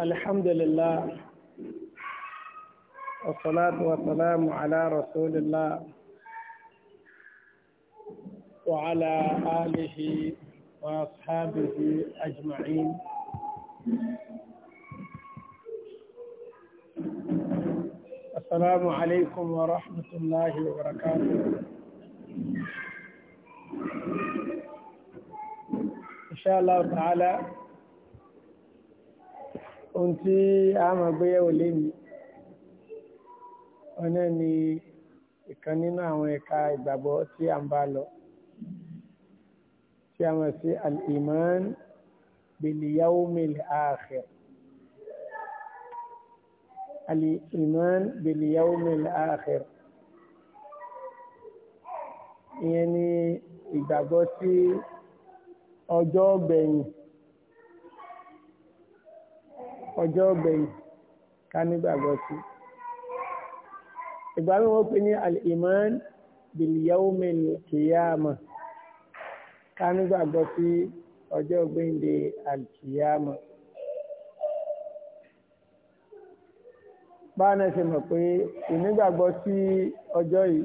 الحمد لله والصلاة والسلام على رسول الله وعلى آله وأصحابه أجمعين السلام عليكم ورحمة الله وبركاته إن شاء الله تعالى ohun tí a máa gbé yẹ̀wò lẹ́nu ọ̀nà ni ìkan nínú àwọn ẹ̀ka ìgbàgbọ́ tí a ń bá lọ tí a mọ̀ sí al-iman bil-yawmil akhir al-iman bil-yawmil akhir ìyẹn ni ìgbàgbọ́ sí ọjọ́ gbẹ̀yìn ọjọ́ ọgbẹ̀yìn ká nígbàgbọ́ sí. ìgbà mi wọ́n pè ní al-iman bil yawmil qiyamah ká nígbàgbọ́ sí ọjọ́ ọgbẹ̀yìn de al-qiyamah. báwọn ẹsẹ̀ mọ̀ pé ìnígbàgbọ́ sí ọjọ́ yìí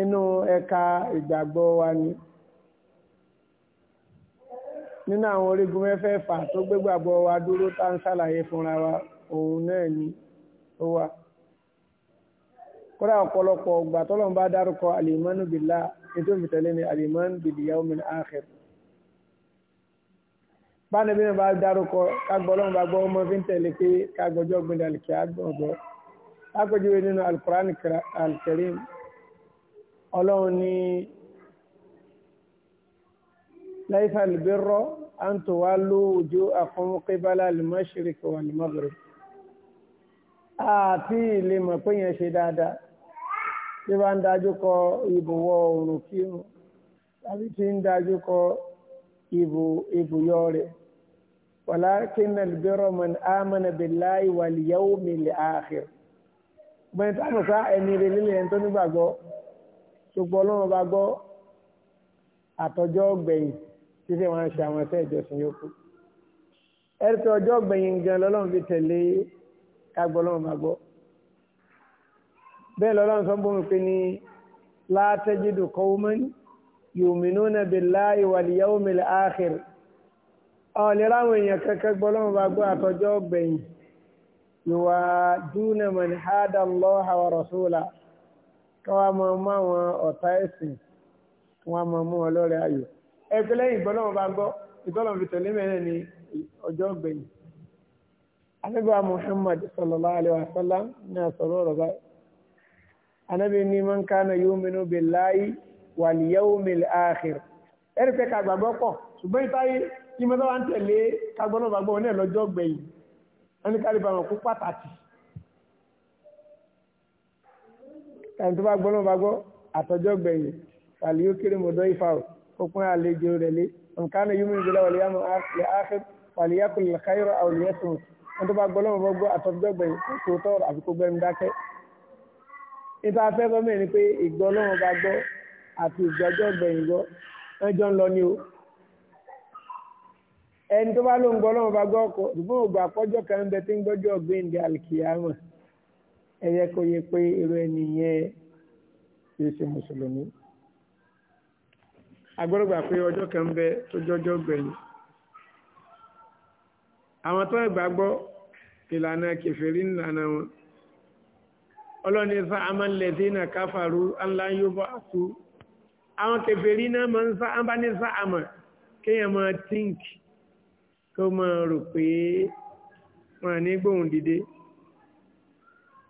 inú ẹ̀ka ìgbàgbọ́ wa ni nínú àwọn orígun mẹ́fẹ̀ẹ̀fà tó gbégbàgbọ́ wa dúró tá ń ṣàlàyé fúnra wa òun náà ni ó wà kódà ọ̀pọ̀lọpọ̀ ọgbà tọ́lọ́n bá dárúkọ àlèmánú bìlá ètò ìfìtẹ̀lé ni àlèmánú bìdìyàwó mi àkhir báni bí wọn bá dárúkọ kágbọ́ ọlọ́run bá gbọ́ ọmọ fi ń tẹ̀lé pé kágbọ́jọ́ gbẹ̀dẹ̀ àlùkí àgbọ̀gbọ́ lápẹjúwe nínú alukurani alkarim ọlọ́run ní. ليس البر أن تولوا وجوهكم قبل المشرق والمغرب آتي ilé mọ̀ pé yẹn ṣe dáadáa tí bá ń dájú kọ ìbòwọ̀ oòrùn kírun tàbí tí ń dájú kọ ìbò ìbòyọ rẹ̀ walakin albirra man amana billahi wal yawmil akhir gbẹ̀yìn táwọn ọ̀sá ẹni rẹ̀ lílẹ̀ ẹni tó nígbàgbọ́ ṣùgbọ́n ọlọ́run bá gbọ́ àtọjọ́ gbẹ̀yìn ṣíṣe wọn ṣe àwọn ẹ̀fẹ́ ìjọsìn yòókù ẹ̀rìtì ọjọ́ gbẹ̀yìn gan lọ́lọ́run fi tẹ̀lé kágbọ́ lọ́run máa gbọ́ bẹ́ẹ̀ lọ́lọ́run sọ bóun pé ní látẹ́jìdù kọ́wọ́mọ́n yu'minuna billahi wal yawmil akhir ọ̀lẹ́ láwọn èèyàn kankan gbọ́ lọ́run bá gbọ́ àtọjọ́ gbẹ̀yìn ìwà dúnà man hada Allaha wa ẹgbẹ́ lẹ́yìn ìgbọ́lọ́wọ́ bá gbọ́ ìgbọ́lọ́wọ́ fi tẹ̀lé mẹ́rẹ̀ ní ọjọ́ gbẹ̀yìn anábíwá Muhammad sallallahu alaihi wasallam sallam ní àsọ̀rọ̀ ọ̀rọ̀ báyìí anábí ní man kana yu'minu billahi wal yawmil akhir ẹ̀rí pé kàgbàgbọ́ pọ̀ ṣùgbọ́n ìtayé kí mọ́tọ́ wa ń tẹ̀lé kagbọ́lọ́wọ́ bá gbọ́ ní ẹ̀lọ́jọ́ gbẹ̀yìn òpin àlejò rẹ̀ lé nǹkan náà yúmi ìjọba wàlẹ̀ yàmù lè áhẹ́ wàlẹ̀ yàkù lè káyọ̀rọ̀ àwọn olùyẹ sùn wọn tó bá gbọ́ lọ́wọ́ gbọ́ àtọ́jọ́gbẹ̀ kó tọ́ àfi kó gbẹ́nu dákẹ́. níta fẹ́ sọ mẹ́rin pé ìgbọ́ lọ́wọ́ bá gbọ́ àti ìgbọ́jọ́ gbẹ̀yìn gbọ́ ẹjọ́ ń lọ ni o. ẹni tó bá ló ń gbọ́ lọ́wọ́ bá gbọ́ kọ ṣùgbọ́n ògbà kan bẹ tí ń gbọ́jọ́ gbẹ̀ǹdẹ̀ àlìkìyàmọ̀ ẹ̀yẹ kò yẹ pé èrò ẹni yẹn kì í ṣe agbọ́dọ̀gbà pé ọjọ́ kan bẹ tó jọjọ́ gbẹ̀yìn àwọn tó gbàgbọ́ ìlànà kẹfẹ́rí ńlànà wọn ọlọ́ni sá amánlẹ̀dé náà káfàrú ńlá yóò bọ́ àtú àwọn kẹfẹ́rí náà máa ń sá ambani sá àmà kéèyàn máa tíǹk kó máa rò pé wọn ní gbóhùn dìde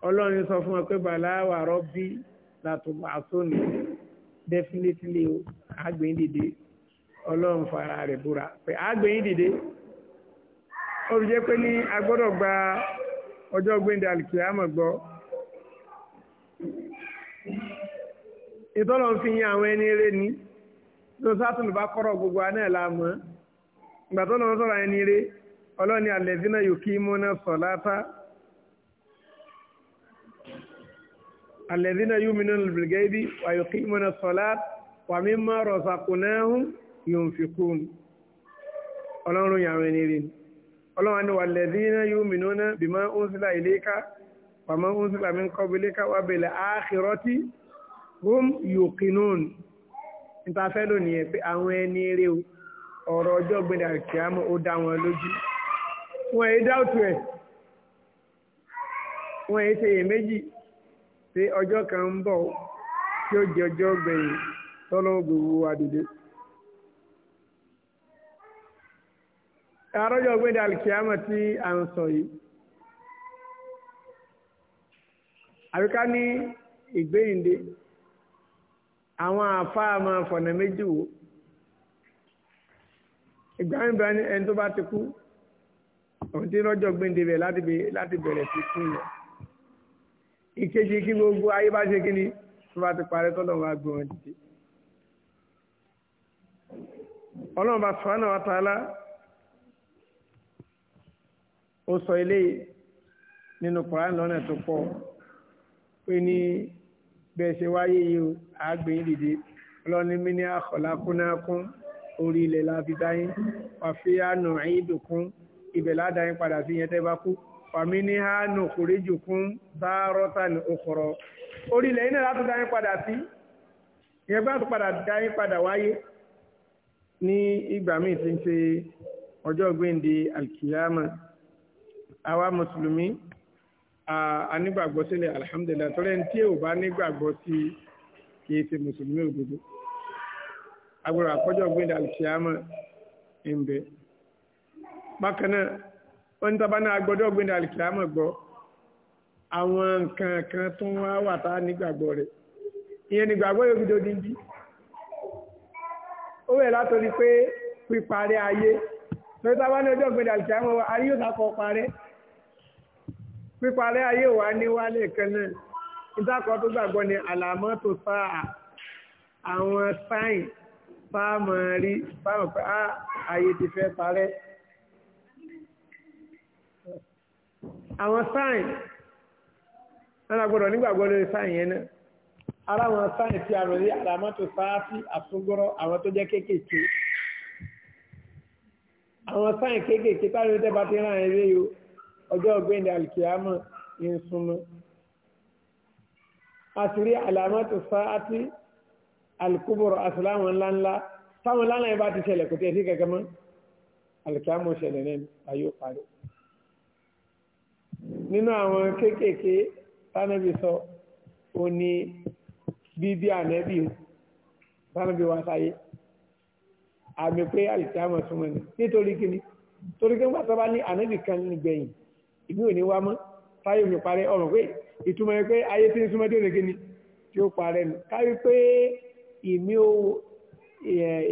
ọlọ́ni sọ fún wọn pé bàlá wàrọ́ bí làtùbà tó nìyẹn. definitely o àgbẹ̀yìn dìde ọlọ́run fara rẹ̀ búra pé àgbẹ̀yìn dìde olùjẹ́ pé ní a gbọ́dọ̀ gba ọjọ́ gbẹ̀ndẹ̀ alìkìyàmọ̀ gbọ́ ìtọ́lọ̀ ń fi yan àwọn ẹni eré ni ló sátún bá kọ́rọ̀ gbogbo aná la mọ̀ ìgbà tó lọ́wọ́ sọ̀rọ̀ ẹni eré ọlọ́ni alẹ́dínà yòókì mọ́ná alẹ́dínà yúmínú lùbìlgẹ́bí wàyùkí mọ́nà sọ́lá wàmí má rọ̀sàkùnáhùn yóò fi kún ọlọ́run yàrá ẹni rí ọlọ́run ni wàlẹ́dínà yúmínú náà bímọ oúnṣìlá ìléka wàmọ́ oúnṣìlá mi ń kọ́ biléka wà bẹ̀lẹ̀ áàkìrọ́tì hum yòókìnún níta fẹ́ lónìí ẹ̀ pé àwọn ẹni rí o ọ̀rọ̀ ọjọ́ gbẹ̀dẹ̀ àkíyàmọ́ ó dá wọn lójú wọn èyí dáùtù ẹ̀ wọn èyí ṣe èyí pé ọjọ́ kan ń bọ̀ tí ó jẹ ọjọ́ gbẹ̀yìn tọ́lọ́ gbogbo àdìdé. àrọ́jọ́ gbé dàlùkìámọ̀ tí a ń sọ yìí àríká ní ìgbéyìnde àwọn àfáà máa fọ̀nà méjì wò ìgbà mìíràn ẹni tó bá ti kú òun tí lọ́jọ́ gbéǹde bẹ̀ láti bẹ̀rẹ̀ sí kú yẹn ìkejì kí gbogbo ayé bá ṣe kíni tó bá ti parẹ́ tọ́lọ̀ wá gbọ́n dìde. ọlọ́run bá sùnwánà wa tààlà ó sọ eléyìí nínú Kùránì lọ́nà tó pọ̀ pé ní bẹ́ẹ̀ ṣe wáyé yìí o àgbẹ̀ yìí dìde ọlọ́ni mi ní àkọ́lákúnákún orí ilẹ̀ láfi dáyín wàfíà nù ẹ̀yìn dùnkún ibẹ̀ ládàáyín padà sí yẹn tẹ́ bá kú fàmínì ha nù kòrèjò kún bárọ́tà ní okòrò orílẹ̀ iná láti dá yín padà sí ìyẹn bá tó padà dá yín padà wáyé ní ìgbà míì tí ń ṣe ọjọ́ gbéǹde alkiyama àwa mùsùlùmí anígbàgbọ́ sílẹ̀ alhamdulilayi tọ́lẹ̀ ní tí ò bá nígbàgbọ́ sí kì í ṣe mùsùlùmí òdodo agbára àkọ́jọ́ gbéǹde alkiyama ń bẹ bákan náà wọ́n tọ́ba náà gbọ́dọ̀ gbẹ́dẹ̀ alìkìyàmọ̀ gbọ́ àwọn nǹkan kan tó wá wà tá nígbàgbọ́ rẹ̀ ìyẹn nígbàgbọ́ yóò fi dodi jí ó wẹ̀ látọ̀rí pé píparẹ́ ayé lọ́jọ́ tá a bá ní ọjọ́ gbẹ́dẹ̀ alìkìyàmọ̀ wa ayé yóò dákọ̀ parẹ́ píparẹ́ ayé wa ní wálé kan náà ìdákọ̀ tó gbàgbọ́ ni àlàmọ́ tó sáà àwọn sáìn fáàmù rí fáàmù pé ah, ayé ti fẹ́ parẹ́. àwọn sáìn alágbọ́dọ̀ nígbàgbọ́ lórí sáìn yẹn náà ara àwọn sáìn tí a rò rí àràmọ́tò sááfì àtúgọ́rọ̀ àwọn tó jẹ́ kéékèèké àwọn sáìn kéékèèké táwọn tẹ́ bá ti rán eré o ọjọ́ ọ̀gbẹ́ni alkiyama ń súnmọ́ a sì rí àràmọ́tò sááfì alkúbọ̀rọ̀ àsìláwọn ńláńlá táwọn ńláńlá yẹn bá ti ṣẹlẹ̀ kò tẹ́ sí kẹ̀kẹ́ mọ́ alkiyama ṣẹlẹ̀ náà ayé parí nínú àwọn kéékèèké tánàbí sọ ó ní bíbí ànẹ́bí tánàbí wá sáyé àmì pé àlìkàmọ̀ súnmọ́ ni nítorí kíni torí kí wọ́n sábà ní ànẹ́bí kan nígbẹ̀yìn ìmí ò ní wá mọ́ táyé mi parẹ́ ọ̀rọ̀ pé ìtumọ̀ pé ayé tí ń súnmọ́ tí ó lè kíni tí ó parẹ́ nù kárí pé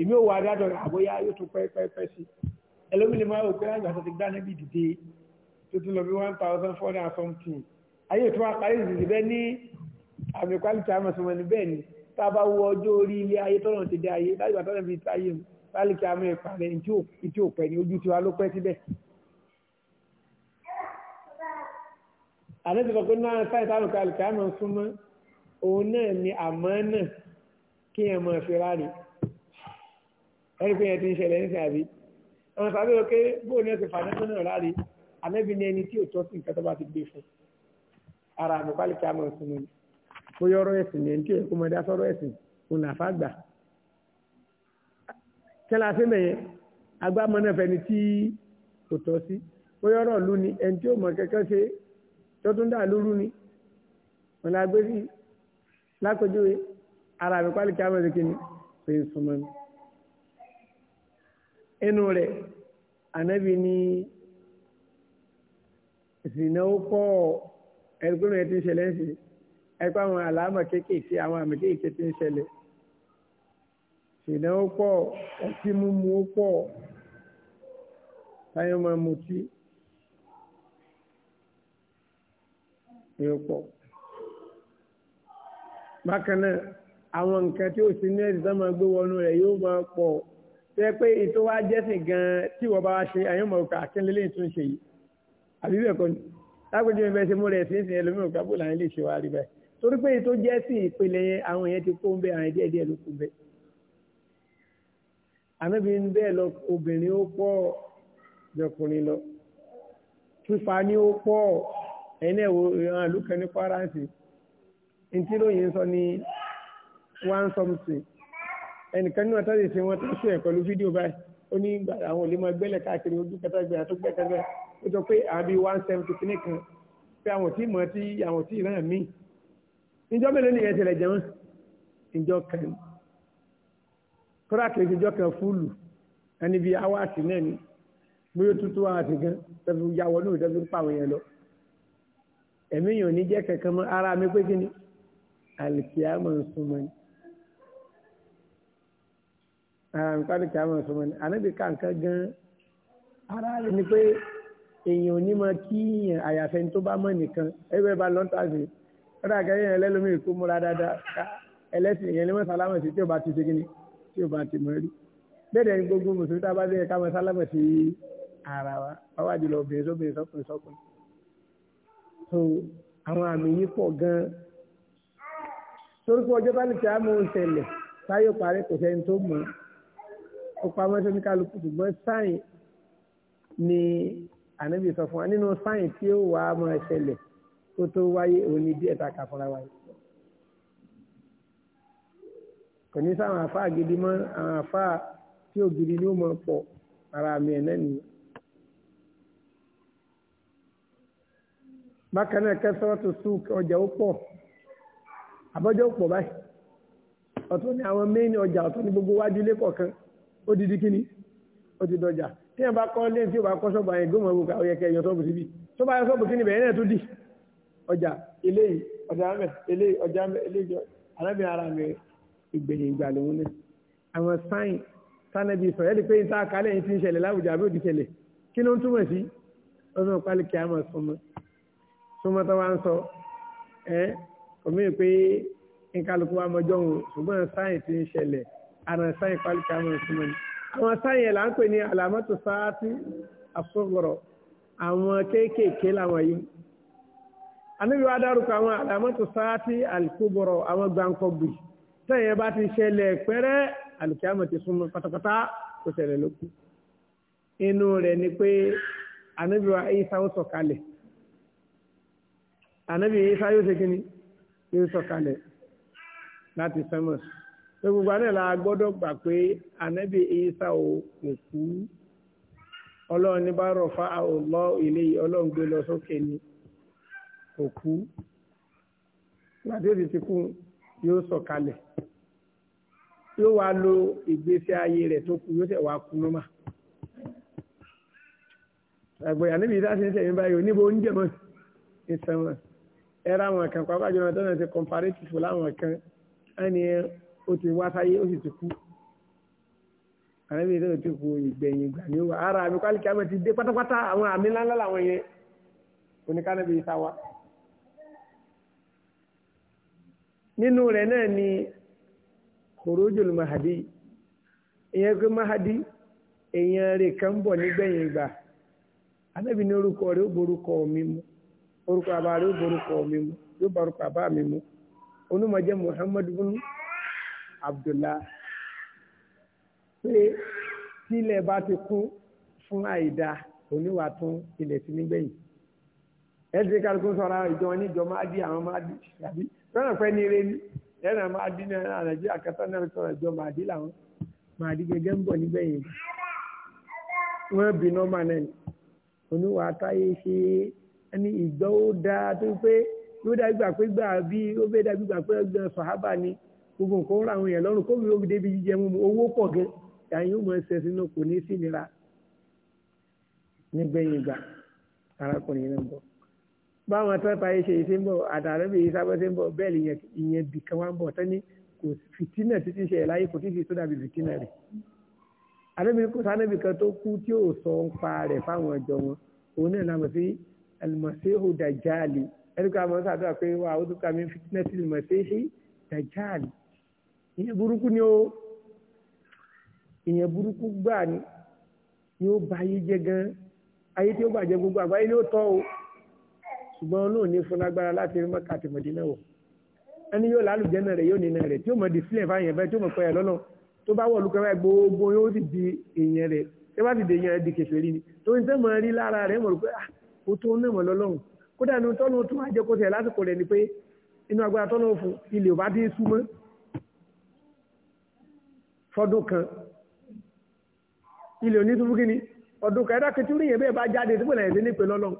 ìmí ò wà dájọ́ àbóyá yóò tún pẹ́ pẹ́ pẹ́ sí ẹlòmínì máa wò pé àgbà ti dá níbi dìde tó tún lọ one thousand four hundred and something ayé tó wá parí ìdìbò bẹ́ẹ̀ ní àmì kwalita amọ̀sọ̀mọ̀ ní bẹ́ẹ̀ ni tá a bá wo ọjọ́ orí ilé ayé tọ́nà ti dé ayé láti bàtà náà fi ta ayé mu kwalita amọ̀ ẹ̀pà rẹ̀ ìtí òpẹ́ ni ojú tiwa ló pẹ́ síbẹ̀. àlejò sọ pé náà sáyẹ̀tì àmì kwalita amọ̀ súnmọ́ òun náà ni àmọ́ náà kí ẹ̀ mọ̀ fi ráre ẹni pé yẹn ti ń ṣẹlẹ̀ ń sàbí àwọn sàbí lọ pé bóun náà ti fà ànábì ní ẹni tí ò tọ́ sí nǹkan tó bá ti gbé fún ara àmì pálí kí a mọ̀ sínú ni bóyá ọ̀rọ̀ ẹ̀sìn ẹni tí èkó mọ̀dá sọ̀rọ̀ ẹ̀sìn òun àfa gbà kẹlẹ́ àfẹ́mẹ̀ yẹn agbámọ́ náà fẹ́ni tí ò tọ́ sí bóyá ọ̀rọ̀ ìlú ni ẹni tí ò mọ̀ kẹ́kẹ́ ṣe tọ́tún dà lóru ni wọn la gbé sí lákòjúwe ara àmì pálí kí a mọ̀ sí kíni pé ń súnmọ́ mi inú rẹ̀ ànábì ní ìsìnà ó pọ̀ ẹgbẹ́rún ẹ ti ń ṣẹlẹ̀ ń sí ẹgbẹ́ àwọn àlámà kéékèèké àwọn àmì kéékèèké ti ń ṣẹlẹ̀ ìsìnà ó pọ̀ ọtí mímu pọ̀ táyọ̀ máa mutí ni ó pọ̀ bákan náà àwọn nǹkan tí ó sì ní ẹ̀sìn tó máa gbé wọnú rẹ̀ yóò máa pọ̀ tẹ́ pé ètò wa jẹ́sìn gan-an tí wọ́n bá wá ṣe àyànmọ́ òkè akínlélẹ́yìn tó ń ṣe yìí àbí bẹ́ẹ̀ kọ́ ni lágbèjì mi bẹ́ẹ̀ ṣe mú rẹ̀ sí ìsìn ẹlòmíràn òkè àbúrò làwọn ilé ìṣe wa rí báyìí torí pé èyí tó jẹ́ sí ìpele yẹn àwọn yẹn ti kó ń bẹ àwọn díẹ̀ díẹ̀ ló kó ń bẹ. àmẹ́bí ń bẹ́ẹ̀ lọ obìnrin ó pọ̀ jọkùnrin lọ fífa ni ó pọ̀ ẹ̀yin náà wo ìran àlùkẹ́ ní faransé ntí lóyìn sọ ní one something ẹnìkan nínú àtàlẹ́ ìsìn wọn tó ṣe ẹ̀ pẹ̀lú fídíò báyìí ó ní àwọn olè máa gbẹ́lẹ̀ káàkiri ojú kẹta gbẹ́ ó jọ pé àbí one seventy kìíní kan pé àwọn tí mọ̀ tí àwọn tí ìran míì ìjọ mélòó nìyẹn tẹ̀lẹ̀ jẹun ìjọ kan kọ́ra kìí ìjọ kan fúlù ẹni bíi awáàtì náà ni bóyá tuntun awáàtì gan tẹ̀fi yàwọ̀ náà tẹ̀fi ń pa àwọn yẹn lọ ẹ̀mí yàn ní jẹ́ kankan mọ́ ara mi pé kí ni alìkìyàmọ̀ ń súnmọ́ ni ara mi pé alìkìyàmọ̀ ń súnmọ́ ni ànábì kàǹkan gan ara rẹ̀ ni pé èèyàn ò ní máa kí yàn àyàfẹ́ ní tó bá mọ̀ nìkan ẹgbẹ́ bá lọ́n tàbí ọ̀dà àgẹ́yẹ yẹn lẹ́lómi kó múra dáadáa ẹlẹ́sìn yẹn lẹ́mọ̀ sálámà sí tí ò bá ti ṣe kíni tí ò bá ti mọ̀ rí bẹ́ẹ̀ ni gbogbo mùsùlùmí tá a bá bẹ́ẹ̀ ká máa sálámà sí ara wa báwa jùlọ obìnrin sóbìnrin sọkùnrin sọkùnrin so àwọn àmì yìí pọ̀ gan-an torí pé ọjọ́ báyìí tí a mú un tẹ̀lẹ̀ táyọ̀ parí kò sẹ́ni tó mọ̀ ọ́ pamọ́ sóníkàlùkù ṣùgbọ́n sáyìn ni ànábì sọ fún wa nínú sáyìn tí ó wà á máa ṣẹlẹ̀ tó tó wáyé òní díẹ̀ tá a kà fúnra wáyé. kò ní sáwọn àfáà gidi mọ́ àwọn àfáà tí ò gidi ni ó máa pọ̀ ara mi ẹ̀ náà nìyẹn. bákan náà kẹsàn-án tó sùn ọjà ó pọ̀ àbọ́jọ́ ó pọ̀ báyìí ọ̀tún ni àwọn méèni ọjà ọ̀tún ni gbogbo wájú ilé kọ̀ọ̀kan ó di di kíni ó ti dọjà tí bá kọ́ lé tí ó bá kọ́ sọ́bà yẹn gómọ̀ ọgbọ̀n ó yẹ kẹ́ yọ sọ́bù síbi tó bá sọ́bù kí ni bẹ̀rẹ̀ náà tó dì ọjà eléyìí ọjà mẹ eléyìí ọjà mẹ eléyìí arábìn ara mi ìgbẹ̀yìn ìgbà lòun ní. àwọn sáìn sanabi sọ yẹ́n pé ìta àkálẹ̀ yìí ti ń ṣẹlẹ̀ láwùjọ àbí òdì ṣẹlẹ̀ kí ló ń túmọ̀ sí ọdún pálí kí a máa súnmọ́ súnmọ́ tó wá ń sọ ẹ́ omi pé nkálukú wa mọjọ́ òun àwọn sáyẹn yẹn là ń pè ní àlàmọ́tò sáátì àsọ̀rọ̀ àwọn kéékèèké làwọn yìí anábì wa dárúkọ àwọn àlàmọ́tò sáátì àlùkúbọ̀rọ̀ àwọn gbàǹkọ̀gbì sẹ́yìn bá ti ṣẹlẹ̀ pẹ́rẹ́ àlùkíyàmọ̀ ti súnmọ́ pátápátá kò ṣẹlẹ̀ lókù inú rẹ̀ ni pé anábì wa Ìsá ó sọ̀kalẹ̀ anábì Ìsá yóò ṣe kíni yóò sọ̀kalẹ̀ láti sẹ́mọ̀sì. gbogbo àná la gbọ́dọ̀ gbà pé ànábì Ìsá ò kò kú ọlọ́run ní bá rọ̀ fa àwòlọ́ ilé ọlọ́run gbé lọ sókè ni kò kú gbàdéèdè ti kú yóò sọ̀kalẹ̀ yóò wá lo ìgbésí ayé rẹ̀ tó kú yóò sì wá kú lọ́mà àgbẹ̀ ànábì Ìsá ti ń sẹ̀yìn báyìí oníbo oúnjẹ mọ́ ìsẹ̀wọ̀n ẹ̀rọ àwọn kan pàápàá jọ̀wọ́n tó náà ti comparative láwọn kan ẹni ó ti wá sáyé ó sì ti kú àrẹ́bí náà ti kú ìgbẹ̀yìn ìgbà ni ó ara àmì ti dé pátápátá àwọn àmì ńláńlá làwọn yẹn yìí sáwá. nínú rẹ̀ náà ni mahadi ìyẹn pé mahadi èèyàn kan bọ̀ nígbẹ̀yìn ìgbà ní orúkọ rẹ̀ ó borúkọ mi mu orúkọ àbá rẹ̀ ó borúkọ mi mu yóò àbá mi mu onímọ̀jẹ́ muhammadu Abdullah pé tílẹ̀ bá ti kún fún àìda oníwà tún ilẹ̀ sí nígbẹ̀yìn ẹ̀sìn kálukú sọ̀rọ̀ ìjọ oníjọ máa di àwọn máa di àbí lọ́nà pẹ́ ní eré ní ẹ̀rọ máa di ní ẹ̀rọ nàìjíríà kẹta náà sọ̀rọ̀ ìjọ máa di làwọn máa di gẹ́gẹ́ ń bọ̀ nígbẹ̀yìn wọ́n bí nọ́mà náà oníwà táyé ṣe ẹni ìgbọ́ ó dáa tó pé yóò dá gbà pé gbà bí ó bẹ́ẹ̀ dá gbà pé ọgbẹ́ sọ̀hábà ni gbogbo nǹkan ó ra àwọn èèyàn lọ́rùn kóbi omi débi jíjẹ mú owó pọ̀ gẹ́ ẹ̀yin ó mọ ẹsẹ̀ sínú kò ní sí nira nígbẹ̀yìn ìgbà arákùnrin náà ń bọ̀ báwọn tọ́ta yìí ṣe ṣe ń bọ̀ àtàrà bí yìí sábẹ́ ṣe ń bọ̀ bẹ́ẹ̀ lè ìyẹn bì kan wá ń bọ̀ tán kò fìtínà títí ṣe láyé kò títí tó dàbí fìtínà rẹ̀ àdébìnrin kò sánẹ́bì kan tó kú tí ò sọ ń pa rẹ̀ fáwọn ọjọ́ wọn òun náà nàmọ̀ sí alimọ̀séhù dàjáàlì ẹni pé àwọn sàdúrà pé wà ó tún kà mí fìtínà sí alimọ̀séhì dàjáàlì ìyẹn burúkú ni ó ìyẹn burúkú gbà ni yóò ba ayé jẹ́ gan ayé tí ó bàjẹ́ gbogbo àgbáyé ni ó tọ́ o ṣùgbọ́n náà ní fún lágbára láti rí mọ́kà àti mọ̀dínà wọ̀ ẹni yóò lálùjẹ́ náà rẹ̀ yóò nínà rẹ̀ tí ó mọ̀ di sílẹ̀ fáyẹn bẹ́ẹ̀ tí ó mọ̀ pẹ́ ẹ̀ lọ́nà tó bá wọ̀ lùkọ́ báyìí gbogbo yóò sì di èèyàn rẹ̀ tí wọ́n ti di èèyàn rẹ̀ di kẹfẹ́ rí ni tó ń sẹ́mọ̀ rí lára rẹ̀ mọ̀ pé ah, ó tó ń mọ̀ lọ́lọ́run kódà ní tọ́nà tó máa jẹ́ kó tẹ̀ lásìkò rẹ̀ ni pé inú agbára tọ́nà fún ilé ò bá dé súnmọ́ fọdún kan ilé onítúbú kí ni ọdún kan ẹ̀dá kẹtù rí yẹn bẹ́ẹ̀ bá jáde tó bẹ̀rẹ̀ ẹ̀dẹ́ nípe lọ́lọ́run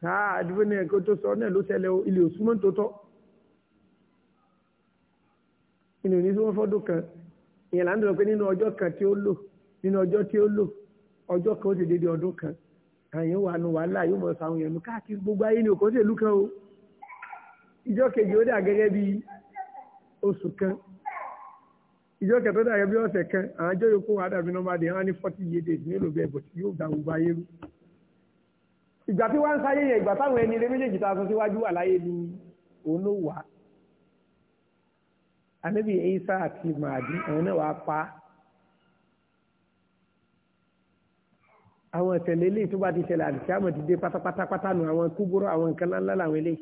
káà ah, àdúgbò ní ẹ̀kọ́ tó sọ náà ló ṣẹlẹ̀ ilé òsúmọ́ tó tọ́ ilé onítúbú fọdún kan ìyẹn là ń dọ̀rọ̀ pé nínú ọjọ́ kan tí ó lò nínú ọjọ́ tí ó lò ọjọ́ kan ó ti dédé ọdún kan àyìn wà nù wàhálà yóò mọ̀ sàwọn èèyàn káàkiri gbogbo ayé ni òkòtò ìlú kan o ìjọ kejì ó dà gẹ́gẹ́ bí oṣù kan ìjọ kẹtọ́ dàgẹ́ bí ọ̀sẹ̀ kan àwọn ajọ́ yòókù wọn àdàbí nọ́mbà wọn ní forty year days ní olùbẹ̀ bọ̀ tí yóò dàwọ̀ bá yé lu. ìgbà tí wọ́n ń sáyé yẹn ìgbà táwọn ẹni ilé méjèèjì tá a sọ síwájú wà láyé ni òun ló wà. ànábì Isa àti màdí àwọn náà wàá pa. àwọn ìṣẹ̀lẹ̀ ilé tó bá ti ṣẹlẹ̀ àdìsí àmọ̀ ti dé pátápátá nù àwọn kúbúrọ̀ àwọn nǹkan ńláńlá làwọn ilé.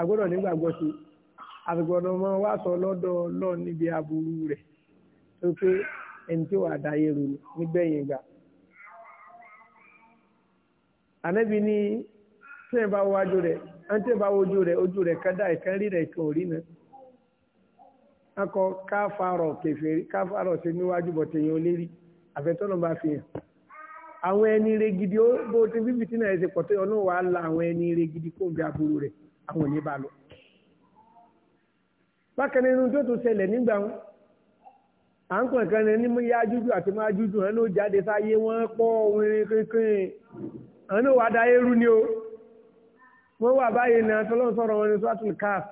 àgbọ̀dọ̀ nígbàgbọ́ sí i àgbọ̀dọ̀ mọ́ wá sọ lọ́dọ̀ Ọlọ́run níbi aburú rẹ̀ tó pé ẹni tí wàá dá yẹ̀rù nígbẹ̀yìn gbà. ànábì ní tí ẹ bá wájú rẹ̀ ẹni tí ẹ bá wojú rẹ̀ ojú rẹ̀ kádà ìkan rí rẹ̀ kan ò rí náà. akọ káfàárọ̀ kẹfẹ́rí káfàárọ̀ sí níwájú bọ̀tẹ̀yìn olérí àfẹ́tọ́nà bá fi hàn. àwọn ẹni rẹ̀ gidi bó ti bíbí tí náà ẹ ti pọ̀ tó yọ náà wàá la àwọn ẹni rẹ̀ gidi kó bí aburú rẹ̀ àwọn ò ní bá lọ bákan nínú tó tún ṣẹlẹ̀ nígbà wọn à ń pọ̀ nǹkan ní yájújú àti májújú wọn ló jáde sáyé wọn pọ̀ orin kankan àwọn náà wà dá eérú ni o wọ́n wà báyìí náà tọ́lọ́run sọ̀rọ̀ wọn ní sọ́tún káf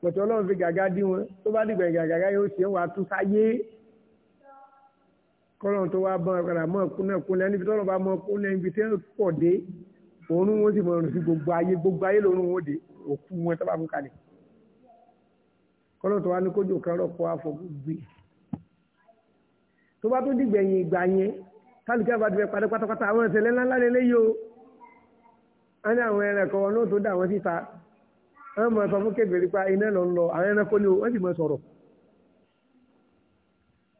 pẹ̀tọ́ ọlọ́run fi gàgá dí wọn tó bá dìgbà gàgá yóò ṣe wà tún sáyé kọ́lọ́run tó wá bọ́n ọ̀kadà mọ́ ọ̀kúnlẹ̀ ọ̀kúnlẹ̀ níbi tọ́lọ́ bá mọ́ ọ̀kúnlẹ̀ níbi tẹ́ pọ̀ dé òórùn wọn sì mọ̀ ọ̀rùn sí gbogbo ayé gbogbo ayé lòórùn wọn dé òkú wọn tó bá fún kalẹ̀ kọ́lọ́ tó wá ní kójú kan rọ́pò àfọ̀gbé tó bá tó dìgbẹ̀yìn ìgbà yẹn kálukẹ́ bá dìbẹ̀ padà pátápátá àwọn ìṣẹ̀lẹ̀ ńláńlá lélẹ́ yìí o wọ́n ní àwọn ẹranko wọn náà tó dà wọ́n síta wọ́n mọ̀ sọ fún kébèrè pa iná lọ ń lọ àwọn ẹranko ni wọ́n sì mọ̀ sọ̀rọ̀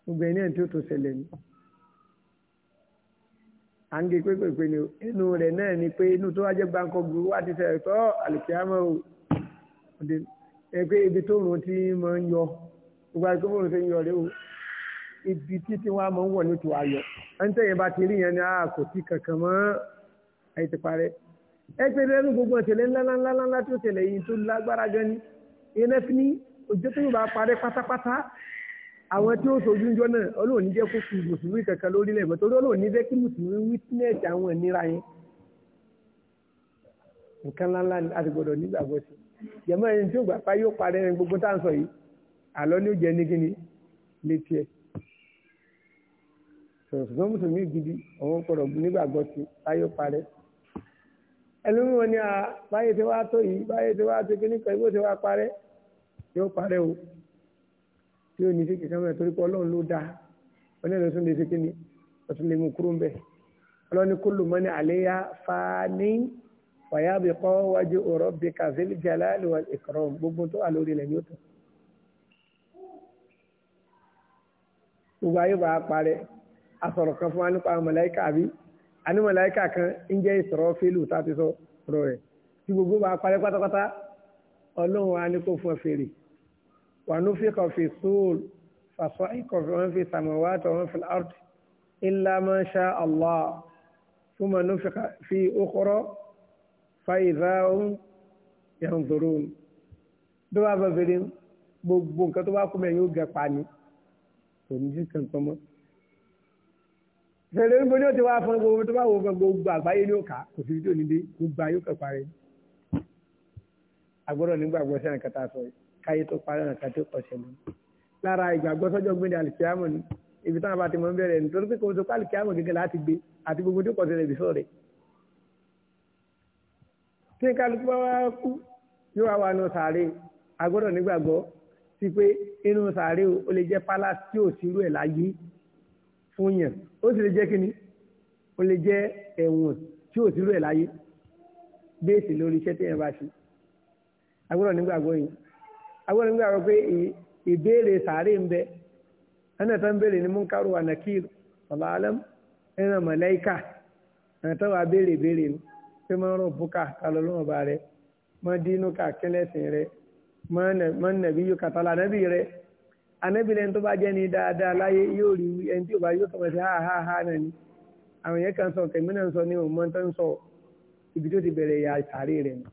gbogbo ẹni ẹ̀ tí ó tó ṣẹlẹ̀ ni à ń gé pépèpé ni o inú rẹ̀ náà ni pé inú tó wájẹ́ gbáǹkọ́ gbogbo wá ti ṣẹlẹ̀ tọ́ àlùkìyàmọ́ ẹ pé ibi tó rùn tí mọ ń yọ gbogbo àti tó rùn tí ń yọ rẹ o ibi tí tí wọn mọ ń wọ ní tù ayọ ẹnitẹ yẹn bá ti rí yẹn ní a ah, kò sí kankan mọ àyè ti parẹ́ ẹ pé lẹ́nu gbogbo ọ̀tẹ̀lẹ̀ ńláńláńlá tó tẹ̀lẹ̀ yìí tó lágbára gan ni iná fi ní òjò tó yóò bá parẹ́ pátápátá àwọn tí ó sojú ń jọ náà Ọlọ́run ní jẹ́ kó fi mùsùlùmí kankan lórílẹ̀ ìgbà torí Ọlọ́run ní jẹ́ kí mùsùlùmí wítínẹ̀sì àwọn ìnira yẹn nǹkan ńláńlá ni a ti gbọdọ̀ nígbàgbọ́ sí i jẹ̀mọ́ ẹni tí ó gbà pa yóò parẹ́ ẹni gbogbo tá à ń sọ yìí àlọ́ ni ó jẹ ní kíni létí ẹ̀ ṣùgbọ́n mùsùlùmí gidi òun pọ̀rọ̀ nígbàgbọ́ ti táyé parẹ́ ẹlòmí wọn ni báyé tí wàá tó yìí báyé tí wàá tó kí nìkan ibò tí wàá parẹ́ yóò parẹ́ o tí ò ní sí kìkan mẹ́rin torí pé ọlọ́run ló dáa wọn náà ló tún lè ṣe kíni ọtún lè mú kúrò ń bẹ̀ ọlọ́run kó lò mọ́ ní àléyá fáání fàyàbí kọ́ wájú ọ̀rọ̀ bí kàzílì jalali wal ikram gbogbo tó wà lórí ilẹ̀ ní òtò. gbogbo ayé bá a parẹ́ asọ̀rọ̀ kan fún wa nípa màláíkà àbí àní màláíkà kan ń jẹ́ ìsọ̀rọ̀ fílù tá sọ ọ̀rọ̀ rẹ̀ tí gbogbo bá a parẹ́ pátápátá ọlọ́run wa ní kó fún ẹ fèrè wà ní fi kàn fi sóòlù fàṣọ ìkọ̀fẹ́ wọn fi sàmùwá tó wọn fi láàrùtì illa ma sha Allah thumma nufiqa fi ukhra fàyèzá ọ̀hún yẹn zòrò ọ̀hún bí wọ́n bá fèrè gbogbo nǹkan tó bá kú mẹ́rin yóò gẹ pa ni kò ní sí kankan mọ́. fèrè níbo ni ó ti wá fún gbogbo tó bá wò fún gbogbo àgbáyé ni ó kà kò sí tó ní dé gbogbo ayé kẹ parí. àgbọ̀dọ̀ nígbàgbọ́ sẹ́yìn kẹta sọ káyé tó parí ọ̀nà kàtó ọ̀sẹ̀ lọ. lára ìgbàgbọ́ sọ́jọ́ gbẹ̀dẹ̀ àlùfíàmù ni ibi táwọn bá ti mọ́ bẹ̀rẹ̀ nítorí pé kò tó pálí kíámù gẹ́gẹ́ láti gbé àti gbogbo tí kálukú bá wá kú yóò wá wà nù sàárè agbọ́dọ̀ nígbàgbọ́ sí pé inú sàárè ó lè jẹ́ palace tí ò sírú ẹ̀ láyé fún yàn ó sì lè jẹ́ kíni ó lè jẹ́ ẹ̀wọ̀n tí ò sírú ẹ̀ láyé béèsì lórí iṣẹ́ tí yẹn bá ṣe agbọ́dọ̀ nígbàgbọ́ yìí agbọ́dọ̀ nígbàgbọ́ pé ìbéèrè sàárè ń bẹ ẹnì tó ń béèrè ni múnkárò ànàkìr ọ̀làálẹ́m ẹnì mọ̀lẹ́kà ẹnì tó wà béèrè béèrè ni pé máa ń rọ̀ bùkà kálọ̀ lọ́wọ́ bá rẹ̀ máa dínú ká kílẹ̀sìn rẹ̀ máa ń nàbí yóò kàtàlà ànábì rẹ̀ ànábì lẹ́ni tó bá jẹ́ ni dáadáa láyé yóò rí ẹni tí ò bá yóò kọ̀mọ̀ sí ha ha ha náà ni àwọn yẹn kan sọ kẹ̀mí náà sọ ní òun mọ́ tó sọ ibi tó ti bẹ̀rẹ̀ ya àṣàrí rẹ̀ nù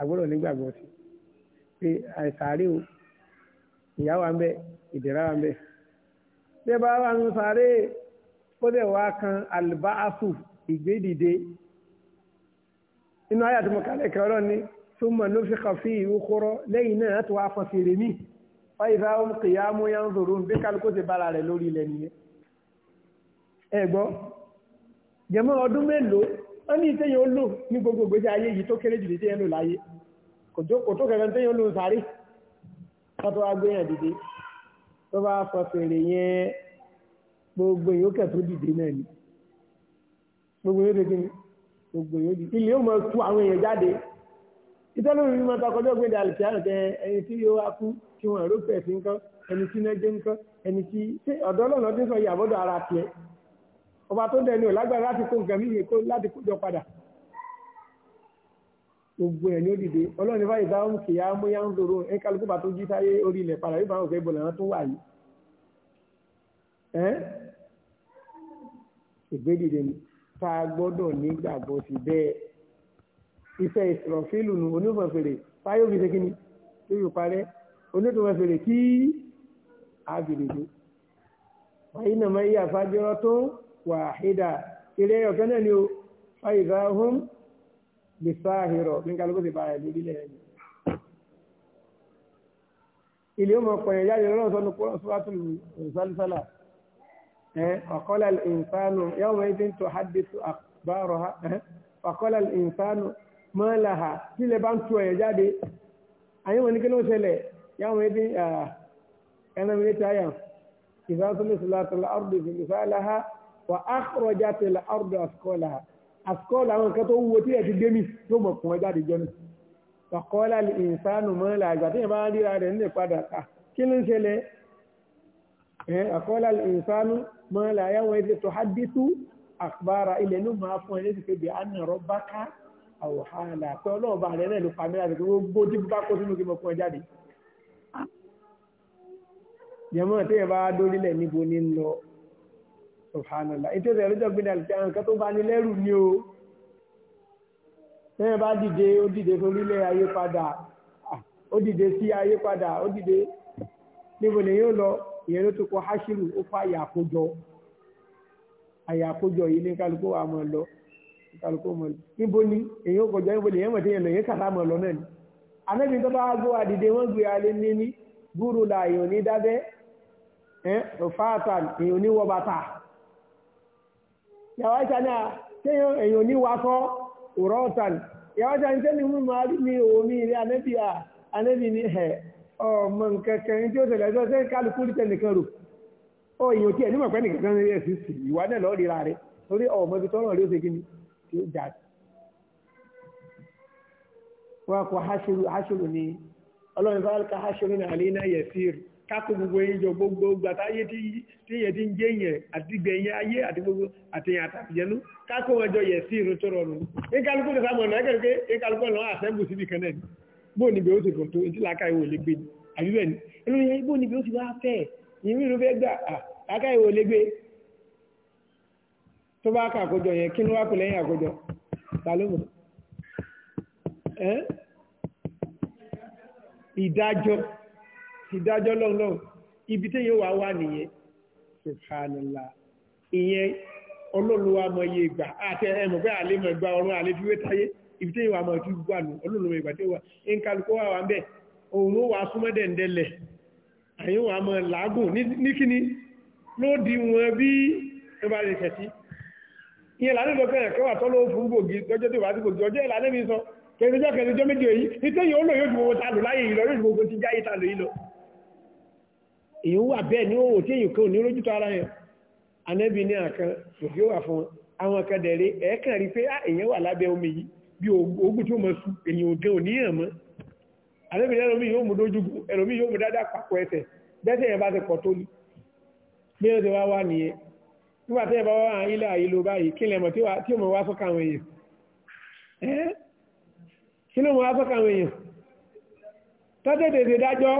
àgbọ̀dọ̀ nígbàgbọ́ sí pé àṣàrí o ìyá wa ń bẹ ìdẹ̀ra wa ń bẹ bí ẹ bá wà ń sáré ó dẹ̀ wá kan àlùbáàsù ìgbédìde inú ayé àtúmọ̀ kálẹ̀ kẹrọ ni súnmọ̀ ló fi kàn fi ìwú kúrọ́ lẹ́yìn náà tó wá fọ́n fèrè mí wáyé bá wọn kì yá mú yán zòrò bí kálukó ti bára rẹ̀ lórí ilẹ̀ nìyẹn. ẹ gbọ́ jẹ̀mọ́ ọdún mélòó wọ́n ní ìtẹ́yìn ó ní gbogbo ìgbésí ayé yìí tó kéré jù ní láyé kò tó kẹ̀kẹ́ ìtẹ́yìn ó lò sáré wọ́n tó wá gbé yàn dìde tó bá fọ́n fèrè yẹn gbogbo ìyókẹ̀ tó dìde náà ni gbogbo ìyókẹ̀ tó dìde náà ni gbogbo èèyàn di ilé yóò máa tú àwọn èèyàn jáde ìtọ́lómi mi máa ta ọkọjọ́ gbé dàlù kí àrùn kẹ ẹni tí yóò wá kú kí wọn rò pẹ̀ sí nǹkan ẹni tí náà jẹ́ nǹkan ẹni tí ṣé ọ̀dọ́ lọ́nà tí ń sọ ìyàbọ̀dọ̀ ara tiẹ̀ ọba tó dẹni ò lágbára láti kó nǹkan míì kó láti kójọ padà gbogbo ẹ̀ ní ó dìde ọlọ́run báyìí bá ń kìyà mọ́yá ń lòrò ẹ̀ kálukú bá tó jí táyé orí ilẹ̀ padà yóò bá wọn fẹ́ bọ̀ làwọn tó wà yìí ẹ̀ ìgbé dìde ni tá a gbọ́dọ̀ nígbàgbọ́ sí bẹ́ẹ̀ iṣẹ́ ìsọ̀rọ̀fílù nù onífọ̀fèrè fáyọ̀ fi ṣe kí ni tó yóò parẹ́ onífọ̀fèrè kí àbìrìdó wáyé náà máa yí àfájọ́rọ́ tó wà hídà eré ọ̀kẹ́ náà ni ó fáyì bá hún lè sáàhìrọ̀ ní kálukú ti bára ìlú lílẹ̀ ẹ̀yìn ilé ó mọ̀ pẹ̀lú jáde lọ́rọ̀ sọ́nù kúrọ̀ وقال الإنسان يومئذ تحدث أخبارها وقال الإنسان ما لها في لبان توي جادي أيوة نكلم سلة يومئذ أنا من تايا إذا سلسلت الأرض في مثالها وأخرجت الأرض أثقالها أثقالها من كتو وتي أتدمي يوم كم جادي جمي وقال الإنسان ما لها جاتي ما أدري على إني قدر كلم سلة أقول الإنسان ma la yawaizu tuhaddithu akhbara ilẹ̀ ló máa fún ẹni tí pé anna rabbaka àwòhálà pé ọlọ́run bá rẹ̀ náà ló pa mẹ́ra tó gbó tí bá kó sínú kí mo fún ẹ jáde. yẹmọ téèyàn bá dórílẹ̀ níbo ní ń lọ subhanallah ètò ìṣẹ̀lẹ̀ lọ́jọ́ gbẹ̀dẹ̀ àti àwọn nǹkan tó bá ní lẹ́rù ni o téèyàn bá dìde ó dìde sórílẹ̀ ayé padà ó dìde sí ayé padà ó dìde níbo lè yóò lọ ìyẹn ló tó kọ hashiru ó kọ àyà àkójọ àyà àkójọ yìí ní kálukú wa mọ̀ lọ kálukú mọ̀ lọ níbo ni èyàn kọjọ níbo ni èyàn mọ̀ tí èyàn lọ èyàn kàtà mọ̀ lọ náà ni anábì tó bá gbọ́ àdìdẹ wọ́n gbé alẹ́ ní ní gúrú la èyàn ní dábẹ́ ẹ̀ ọ̀fáàtà èyàn ní wọ bàtà yàwá ìsàní à téèyàn èyàn ní wakọ́ òrọ́ọ̀tà yàwá ìsàní tẹ́lẹ̀ mú màálù ní òmí ilé anábì à anábì ní ẹ̀ ọmọ nǹkan kẹrin tí ó ṣẹlẹ̀ ẹjọ́ sẹ́yìn kálukú rí tẹnìkan rò ó èèyàn tí ẹ̀ nímọ̀ pẹ́ nìkan kan rí ẹ̀sìn sí ìwà náà lọ́ọ́ ríra rẹ̀ torí ọmọ ibi tọ́rọ̀ rí ó ṣe kí ni tí ó jà sí. wọ́n kọ haṣuru haṣuru ni ọlọ́run fáwọn ká haṣuru náà lè náà yẹ̀ sí rù kákó gbogbo yín jọ gbogbo gbàtáyé tí yẹ ti ń jẹ́ yẹn àdìgbẹ̀yìn ayé àti gbogbo àtẹ̀yìn àtàbíyẹnú kákó wọn jọ yẹ̀ sí rù tó rọrùn. ní kálukú ní sáà mọ̀ náà kẹ́kẹ́ ní kálukú náà àṣẹ́bù síbi kan náà bó níbi ó ti gùn tó etí làákà ìwò lè gbé àbí bẹ́ẹ̀ ni ẹnu yẹn bó níbi ó ti wá fẹ́ ìrìn ló fẹ́ gbà làákà ìwò lè gbé tó bá kà àkójọ yẹn kí ló wá kó lẹ́yìn àkójọ ta ló mọ̀ ẹ́ ìdájọ́ ìdájọ́ lọ́nlọ́n ibi tí yóò wá wà nìyẹn subhanallah ìyẹn olóluwa mọ̀ iye ìgbà àti ẹ̀mọ̀ pé àlè mọ̀ ìgbà ọ̀run àlè fi wé táyé ibi tí wà mọ̀ tí wà nù olóòlùmọ̀ ìgbà tí wà ní kálùkọ́ wà ń bẹ̀ òun ó wà súnmọ́ dẹ̀ndẹ̀lẹ̀ mọ̀ làágùn ní kíní di wọn bí ẹbá rẹ̀ kẹ̀sí ìyẹn lànà ìlọ́kẹ́ rẹ̀ kẹwà tọ́lọ́ fún gbòógì lọ́jọ́ tó wà sí gbòógì ọjọ́ ìlànà mi sọ kẹrìnjọ́ kẹrìnjọ́ méjì èyí nítorí yóò lò yóò ju gbogbo tàlù láyé ìlọ yóò ju gbogbo ti jáyé tàlù yìí lọ èyí wà bẹ́ẹ̀ ní òwò tí èyí kan ò ní àwọn akẹ́dẹ̀ẹ́rẹ́ ẹ̀ẹ́kàn rí pé ah, èyàn wà lábẹ́ omi yìí bí ogun tí ó mọ̀ sú èyàn ògẹ́ òníyàn mọ́ alẹ́bìnrin ẹlòmí yóò mú dójúgbò ẹlòmí yóò mú dáadáa papọ̀ ẹsẹ̀ bẹ́sẹ̀ yẹn bá ti pọ̀ tó ní bí ó ti wá wá nìyẹn nígbà tí ẹ bá wá ilé ayé ló báyìí kí lẹ́mọ̀ tí ó mọ̀ wá sọ́kà àwọn èèyàn kí ló mọ̀ wá sọ́kà àwọn èèyàn tọ́tẹ̀tẹ̀ ti dájọ́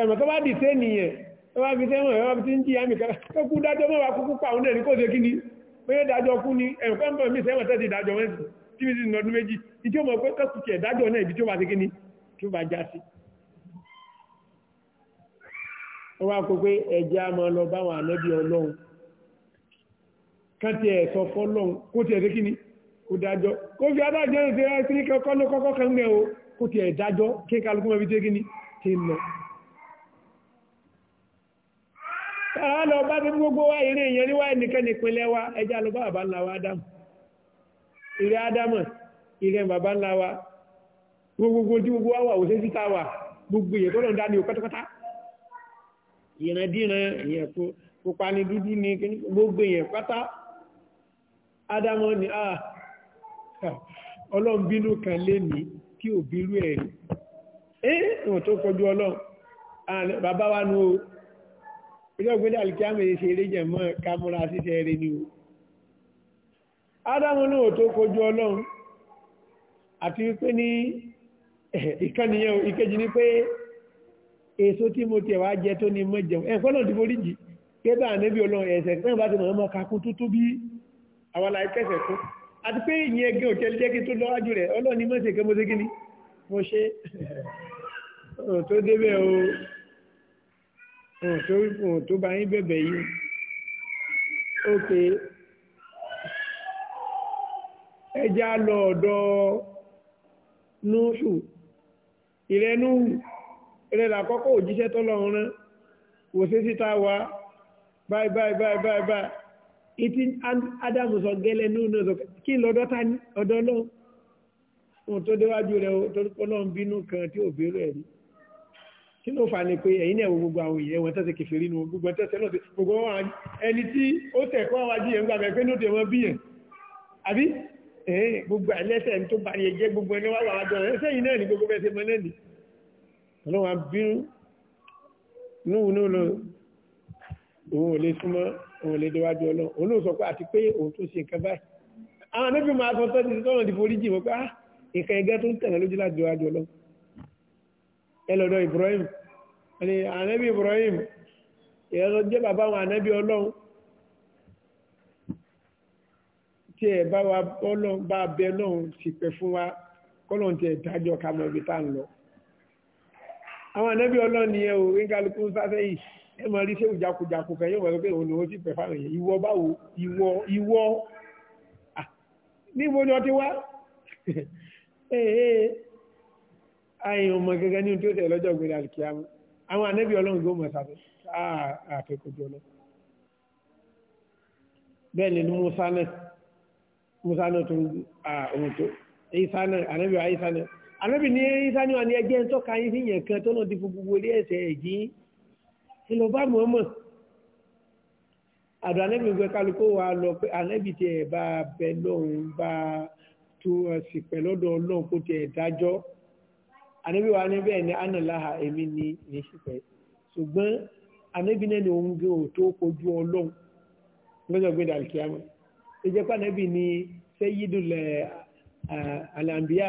ẹ̀mọ̀ tó bá dì sẹ́niyàn tó bá fi sẹ́wọ̀n ẹ̀wọ̀n ti ń jìyà mìkan tó kú dájọ́ mọ́ wá kúkú pa àwọn ẹ̀rí pé dájọ́ kú ní ẹ̀rùkọ́mbọ̀ mi sẹ́wọ̀n tẹ́sí dájọ́ wẹ́sì tí mi sì ń lọ́dún méjì ìtí ó mọ̀ pé kọ́sùkì ẹ̀dájọ́ náà ibi tí ó bá ti kíní tí ó bá já sí. ó wá kó pé ẹ̀jẹ̀ á máa lọ báwọn ànábì ọlọ́run káti ẹ̀ sọ fọ́lọ́run kó tiẹ̀ sí fi adájọ́ ní ti kọ́kọ́ ló kọ́kọ́ kan gbẹ̀ o kó tiẹ̀ dájọ́ kí kálukú mọ́ tí ó kíní ti ń lọ. tàà lọ bá bí gbogbo wá ìrìn èèyàn níwá ẹnìkan nípínlẹ̀ wa ẹjá lọ bá bàbá ńlá wa ádámù ìrẹ́ ádámù ìrẹ́ bàbá ńlá wa gbogbo tí gbogbo wá wà ó sẹ́sí tá wà gbogbo èyẹ tó lọ dá ní o pátápátá ìrandíran èyẹ kó pupa ní dúdú ní gbogbo èyẹ pátá ádámù ìjọgbẹ́dẹ́ alìkíámẹ́ yìí ṣe eré jẹ̀mọ́ kámúra ṣíṣẹ́ eré ni o ádámù náà tó kojú ọlọ́run àti wípé ní eh, ìkànnìyàn ìkejì ni pé èso tí mo tẹ̀ wá jẹ tó ní mọ́ jẹun ẹ̀kọ́ náà ti forí jì kébà ànẹ́bí ọlọ́run ẹ̀sẹ̀ pẹ́ bá ti mọ̀ ọmọ kakún tó tó bí àwọn aláìkẹsẹ̀ kún àti pé ìyẹn ni mọ̀ ṣe kẹ́mọ́ṣe kí tó débẹ̀ o ohun tó bá yín bẹ̀bẹ̀ yìí ó pé ẹja lọ ọ̀dọ̀ núṣù ìrẹ́nú ìrẹ́ làkọ́kọ́ òjíṣẹ́ tọ́lọ́run rán kò sí síta wa báyìí báyìí báyìí báyìí báyìí ìtí Ádámù sọ gẹ́lẹ́ núnú sọ kí n lọ́dọ́ ta ní ọ̀dọ́ náà ohun tó déwájú rẹ̀ tó ń bínú kan tí ò bèrè rí kí ló fà ní pé ẹ̀yin náà wo gbogbo àwọn èèyàn wọn tẹ́sẹ̀ kẹfẹ́ rí gbogbo tẹ́sẹ̀ náà ti gbogbo wọn ẹni tí ó tẹ̀kọ́ àwọn adìyẹ ńgbà bẹ́ẹ̀ pé ní ó tẹ̀ wọ́n bí yẹn àbí gbogbo ẹlẹ́sẹ̀ tó bá yẹ jẹ́ gbogbo ẹni wà wàwájọ ẹlẹ́sẹ̀ yìí náà ní gbogbo bẹ́ẹ̀ ṣe mọ́ náà ní ọlọ́wà bínú núhùn náà lọ òun ò lè súnmọ́ òun ò lè déwájú ẹlọ́dọ̀ Ibrahim ẹni ànábì Ibrahim ìyẹ́lọ́ jẹ́ bàbá àwọn ànábì ọlọ́run tí ẹ̀ bá wa ọlọ́run bá bẹ ọlọ́run sì pẹ̀ fún wa kọ́lọ́run ti ẹ̀ dájọ́ ká mọ ibi tá ń lọ. àwọn ànábì ọlọ́run nìyẹn o ńkálukú sáfẹ́ yìí ẹ mọ rí sẹ́wù jákujàku kan yóò wọ́n pé òun ni ó sì pẹ̀ fáwọn èèyàn ìwọ báwo ìwọ ìwọ níbo ni ọ ti wá. àyìn ọmọ gẹ́gẹ́ ní tí ó tẹ̀ lọ́jọ́ gbèrè àlìkíyàmù àwọn ànábì ọlọ́run gbọ́ mọ̀ sábẹ́ àfẹ́kọ̀jọ lọ. bẹ́ẹ̀ ni musa náà musa náà tún ohun tó isa náà ànábì wa isa náà ànábì ní isa ní wa ní ẹgbẹ́ tọ́ka yín sí yẹn kan tó náà ti fún gbogbo ilé ẹ̀sẹ̀ lọ pé ànábì tiẹ̀ bá bẹ lọ́run bá tó ọ̀sìn pẹ̀lọ́dọ̀ ọlọ́run kó tiẹ̀ dájọ́ ànábì wa níbẹ̀ ni anàláha èmi ni ní ṣífẹ́ ṣùgbọ́n ànábì náà ni òun gé òtó kojú ọlọ́run lọ́jọ́ gbé dàlùkíyàmọ́ ṣe jẹ́ pé ànábì ni sayyidul eh, eh, al-anbiya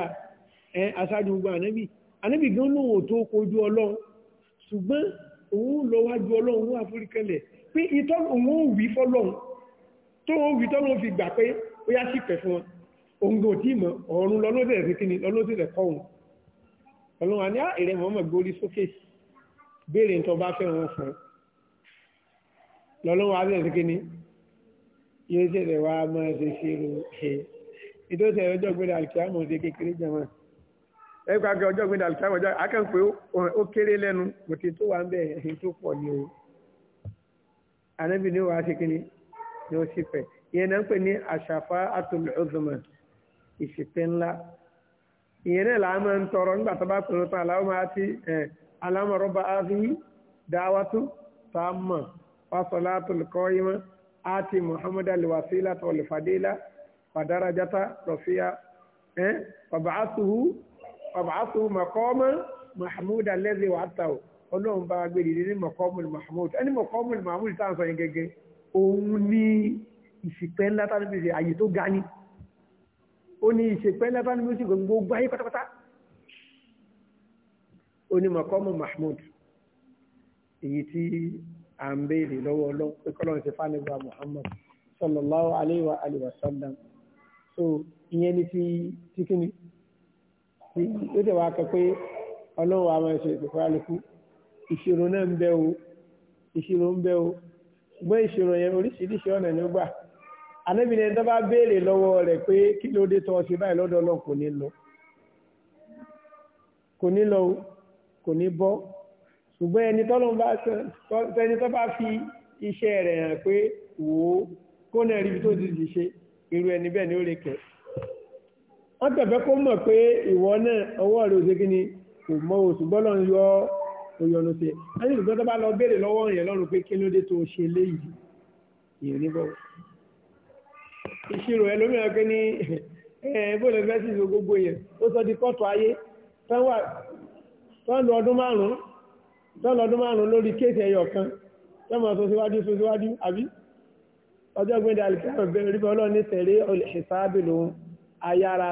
ẹ aṣáájú gbogbo ànábì ànábì gan lóun òtó kojú ọlọ́run ṣùgbọ́n òun lọ wájú ọlọ́run wọ́n àforíkẹlẹ̀ pé ìtọ́ òun ò wí fọ́lọ́run tó ń wí tọ́lọ́ fi gbà pé ó yá sí fún wọn òun gò tí mọ̀ ọ̀run lọ́lọ́sẹ̀ sí kíni lọ́lọ́sẹ̀ kọ́ òun ọlọ́run àní èrè mọ́mọ́ gbórí sókè béèrè tó bá fẹ́ wọn fún lọ́lọ́run wá bẹ̀rẹ̀ kí ni yóò ṣẹlẹ̀ wá máa ṣe ṣe ro ṣe ìdóṣe ọjọ́ gbé dàlùkìámọ̀ ṣe kékeré jẹmọ́ ẹgbẹ́ akẹ́ ọjọ́ gbé dàlùkìámọ̀ ọjọ́ akẹ́kọ̀ọ́ ó kéré lẹ́nu kò tí tó wà ń bẹ̀ ẹ̀yìn tó pọ̀ ní o anábì ni ṣe kí ni ni ó fẹ́ ìyẹn náà ń pè ní àṣàfà àtòlù ọ̀zọ̀mọ̀ ìṣìpẹ́ ìyẹn náà làá máa ń tọrọ nígbà tó bá pinnu tán aláwọ̀ máa ti aláwọ̀ rọ́bà áfíì dáwàtú tààmà wàsọ̀látò lùkọ́yìmọ́ àti muhammadu aliwasila tọ̀lùfàdélà fàdárajátà rọ̀fíà ọ̀bàásùhù mọ̀kọ́mọ́ mahmud alẹ́zì wàtàwò ọlọ́run bá gbé dìde ní mọ̀kọ́mù mahmud ẹni mọ̀kọ́mù mahmud táwọn sọ yẹn gẹ́gẹ́ òun ní ìsìpẹ́ ńlá tábìlì àyè tó ga ni ó ní ìṣèpẹ́ lẹ́bàánú music gbogbo ayé pátápátá ó ní mọ̀kọ́mù mahmud èyí tí à ń béèrè lọ́wọ́ ọlọ́run pé kọ́lọ́run ti muhammad sallallahu alayhi wa alihi wa sallam so ìyẹn ni ti ti kí ni ti ó dẹ̀ wá kọ pé ọlọ́run àwọn ẹ̀ṣọ́ ìpèkọ́ alùpùpù ìṣirò náà ń bẹ o ìṣirò ń bẹ o gbọ́ ìṣirò yẹn oríṣiríṣi ọ̀nà ni ó gbà anábìnrin tó bá béèrè lọ́wọ́ rẹ̀ pé kí ló dé tọ́ sí báyìí lọ́dọ̀ náà kò ní lọ kò ní lọ kò ní bọ́ ṣùgbọ́n ẹni tọ́lọ́ bá ẹni tó bá fi iṣẹ́ rẹ̀ hàn pé wò ó kó náà rí ibi tó ti di ṣe irú ẹni bẹ́ẹ̀ ni ó lè kẹ́ wọ́n tẹ̀fẹ́ kó mọ̀ pé ìwọ náà ọwọ́ rẹ̀ ò ṣe kí ni kò mọ oṣù gbọ́dọ̀ ń yọ òyọ̀nù sí ẹ̀ tó bá lọ béèrè lọ́wọ́ yẹn ìṣirò ẹlòmíràn pé ní bóòlù fẹ́sì ìṣòro gbogbo yẹn ó sọ di kọ́ọ̀tù ayé tọ́lù ọdún márùn-ún tọ́lù ọdún márùn-ún lórí kéèsì ẹyọ kan tọ́mọ̀ tó síwájú tó síwájú àbí ọjọ́ gbẹ́dẹ̀ alìkárọ̀ bẹ̀rẹ̀ rí bọ́ọ̀lọ́ ní tẹ̀lé ìsáábì lòun ayára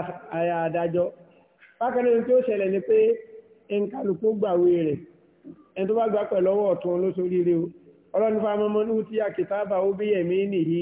adájọ́ bákanáà tí ó ṣẹlẹ̀ ni pé nkàlùkù gbàwé rẹ̀ ẹni tó bá gbà pẹ̀lú ọwọ́ ọ̀tún ló sóríire o ọlọ́nifá mọ́mọ́ ní wútíyà kìtàbà ó bí ẹ̀mí nìyí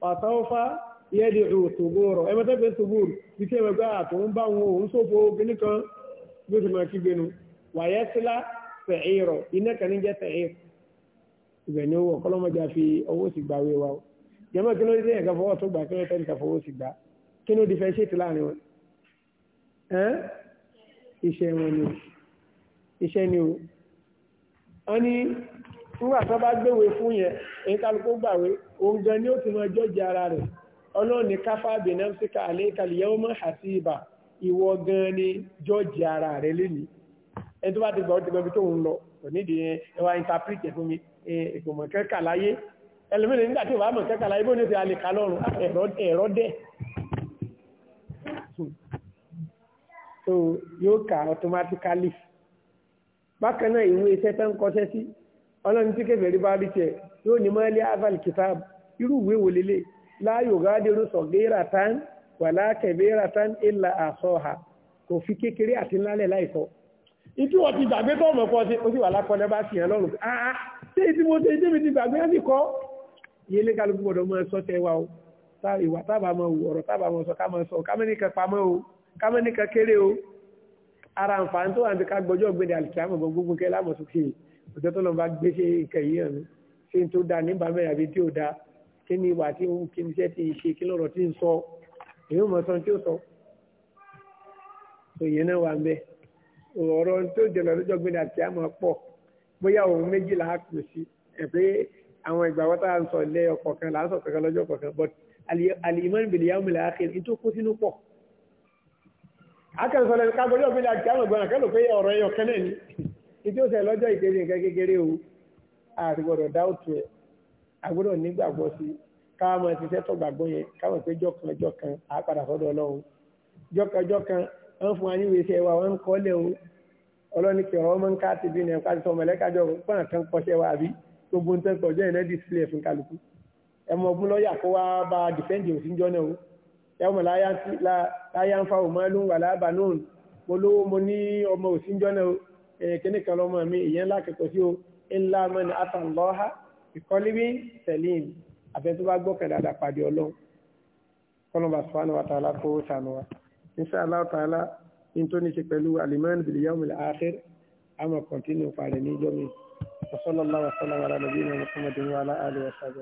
fàtàwọ́fà yẹ́dì rò tògbòrò ẹ mẹ́tẹ́ pé tògbòrò bí kí ẹ̀mẹ́gbẹ́ àtò ń bá wọn òun sófo kíní kan bí ó ti máa kígbe nu wàyẹ́ sílá tẹ̀ẹ̀rọ̀ iná kan ní jẹ́ tẹ̀ẹ̀rọ̀ ibẹ̀ ni ó wọ̀ kọ́lọ́mọjà fi owó sì gbà wé wa o ni iṣẹ́ ni nígbà tó bá gbéwé fún yẹn èyí kálukú gbàwé òun gan ni ó ti mọ ẹjọ́ jẹ ara rẹ̀ ọlọ́run ní káfá benamsika alekali yawma hasiba ìwọ gan ni jọ́ọ̀jì ara rẹ̀ lẹ́nu ẹni tó bá ti gbà ó ti gbà ibi tó ń lọ kò nídìí ẹ wá interpret ẹ fún mi ìgbìmọ̀ kẹ́kà láyé ẹlòmínì nígbà tí ò mọ̀ kẹ́kà láyé bó ní ti alè kà lọ́rùn ẹ̀rọ dẹ̀ so yóò kà automatically bákan náà ìwé iṣẹ́ tẹ́ ń kọ́ṣẹ́ sí ọlọ́run tí kèfèrí bá rí tiẹ̀ yóò ní mọ́lẹ́ aval kitab irú ìwé wò lélẹ̀ la yughadiru saghiratan wala kabiratan illa ahsaha kò fi kékeré àti ńlálẹ̀ láìsọ. ìtú wọn ti gbàgbé tó ọmọ kan ó sì wà lápọ̀lẹ́ bá sì yàn lọ́rùn ah, ah ṣé ìdí mo ṣe ìdí mi ti gbàgbé láti kọ́ yẹlé kálukú gbọdọ̀ mọ ẹsọ tẹ wa o ìwà tábà mọ ọ̀rọ̀ tábà mọ sọ ká mọ sọ kámẹ́nìkan pamọ́ o kámẹ́nìkan kéré o ara àǹfààní tó ká gbọ́jọ́ gbẹ̀dẹ̀ àlìkí àmọ̀ gbogbo kẹ́ lámọ̀ sókè yìí ọjọ́ tó lọ bá gbé ṣe ìkẹyí hàn mí tó da ní bàbá àbí tí ò da kí ni ìwà tí ń kí ni iṣẹ́ ti ṣe kí lọ́rọ̀ tí ń sọ èyí ò mọ̀ sọ tí ó sọ òye náà wà ń bẹ ọ̀rọ̀ tó jẹlọ lọ́jọ́ gbéra tí a máa pọ̀ bóyá òun méjìlá kù sí ẹ̀ pé àwọn ìgbà wọ́n tá à ń sọ ilé ọkọ̀ kan là ń sọ kankan lọ́jọ́ kọ̀ọ̀kan but alìmọ́ ìbìlì yà mìlẹ̀ àkèrè ní tó kó sínú pọ̀. akẹ́sọ̀lẹ̀ kágbọ́dọ̀ bí i àti àwọn pé ọ̀rọ̀ ẹyọ kẹ́lẹ̀ ni ìjọ sẹ lọ́jọ́ ìkéde nǹkan kékeré o àti gbọ́dọ̀ dá òtún ẹ̀ àgbọ́dọ̀ nígbàgbọ́ sí káwọn ti sẹ́tọ̀ gbàgbọ́ yẹn káwọn pé jọ́ kan jọ́ kan á padà sọ́dọ̀ ọlọ́run jọ́ kan jọ́ kan wọ́n fún wa ní ìwé iṣẹ́ wa wọ́n ń kọ́lẹ̀ o ọlọ́ni kì ọ̀rọ̀ máa ń ká ti bí ní ẹ̀ka ti sọ mọ̀lẹ́kájọ́ fún àtàn kọ́ṣẹ́ wa àbí gbogbo ń tẹ́kọ̀ ọjọ́ ìná display fún kálukú ẹmọ ogun lọ́ọ̀yà kó wá bá dìfẹ́ǹdì òsínjọ́ náà o ẹmọ láyà ń fa òmọ́ ló ń wà lábàánú mo lówó mo ní ọmọ òsínjọ́ náà o Eh, kíní kan lọ́mọ mi ìyẹn ńlá kẹ́kọ̀ọ́ sí o ńlá mọ́ni àtàlọ́ha ìkọ́lébí selim àfẹ́ tó bá gbọ́kàn dáadáa pàdé ọlọ́run kọ́nọ́bà sùpánù wa tààlà kó sànù wa insha Allah tààlà ní tó ní ṣe pẹ̀lú alimẹ́rin bil yawmil akhir àmọ̀ kọ̀ntínú parẹ̀ níjọ́ mi wa